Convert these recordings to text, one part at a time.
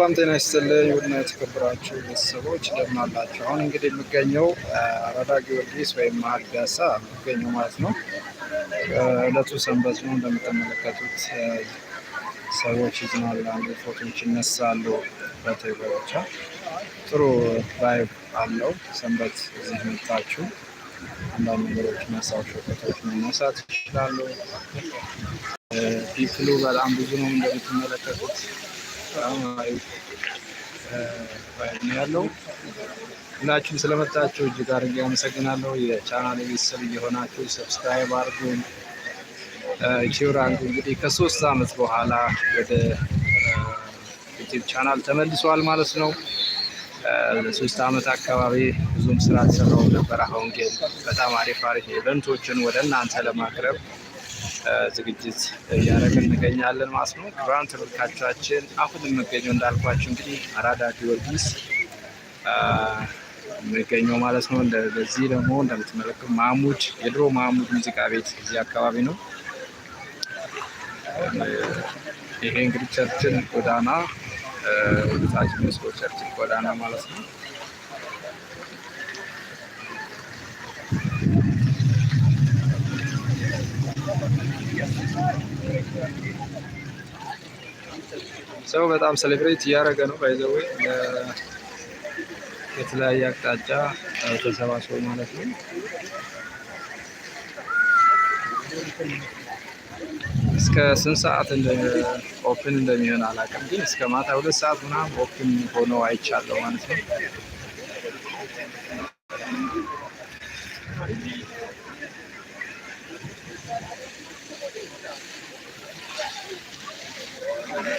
ሰላም ጤና ይስጥልኝ ውድና የተከበራችሁ ቤተሰቦች እንደምን አላችሁ? አሁን እንግዲህ የሚገኘው አራዳ ጊዮርጊስ ወይም መሀል ፒያሳ የሚገኘው ማለት ነው። እለቱ ሰንበት ነው። እንደምትመለከቱት ሰዎች ይዝናላሉ፣ ፎቶዎች ይነሳሉ። በቴሌብቻ ጥሩ ቫይብ አለው። ሰንበት እዚህ መጣችሁ አንዳንድ ነገሮች መሳዎች ፎቶዎች መነሳት ይችላሉ። ፒፕሉ በጣም ብዙ ነው እንደምትመለከቱት አሁን ያለው ሁላችሁም ስለመጣችሁ እጅግ አድርጌ አመሰግናለሁ። የቻናል ቤተሰብ እየሆናችሁ ሰብስክራይብ አድርጉኝ። ኪውራንግ እንግዲህ ከሶስት አመት በኋላ ወደ ዩቲዩብ ቻናል ተመልሷል ማለት ነው። ለሶስት አመት አካባቢ ብዙም ስራ ተሰራው ነበር። አሁን ግን በጣም አሪፍ አሪፍ ኢቨንቶችን ወደ እናንተ ለማቅረብ ዝግጅት እያደረግን እንገኛለን ማለት ነው። ክቡራን ተመልካቾቻችን አሁን የምገኘው እንዳልኳቸው እንግዲህ አራዳ ጊዮርጊስ የሚገኘው ማለት ነው። በዚህ ደግሞ እንደምትመለከቱ ማሙድ የድሮ ማሙድ ሙዚቃ ቤት እዚህ አካባቢ ነው። ይሄ እንግዲህ ቸርችን ጎዳና ወደታች መስሎ ቸርችን ጎዳና ማለት ነው። ሰው በጣም ሴሌብሬት እያደረገ ነው። ባይዘዌ የተለያየ አቅጣጫ ተሰባስቦ ማለት ነው። እስከ ስንት ሰዓት ኦፕን እንደሚሆን አላውቅም፣ ግን እስከ ማታ ሁለት ሰዓት ምናምን ኦፕን ሆኖ አይቻለሁ ማለት ነው።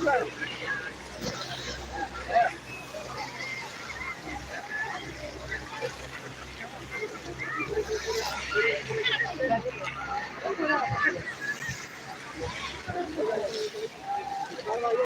Thank you.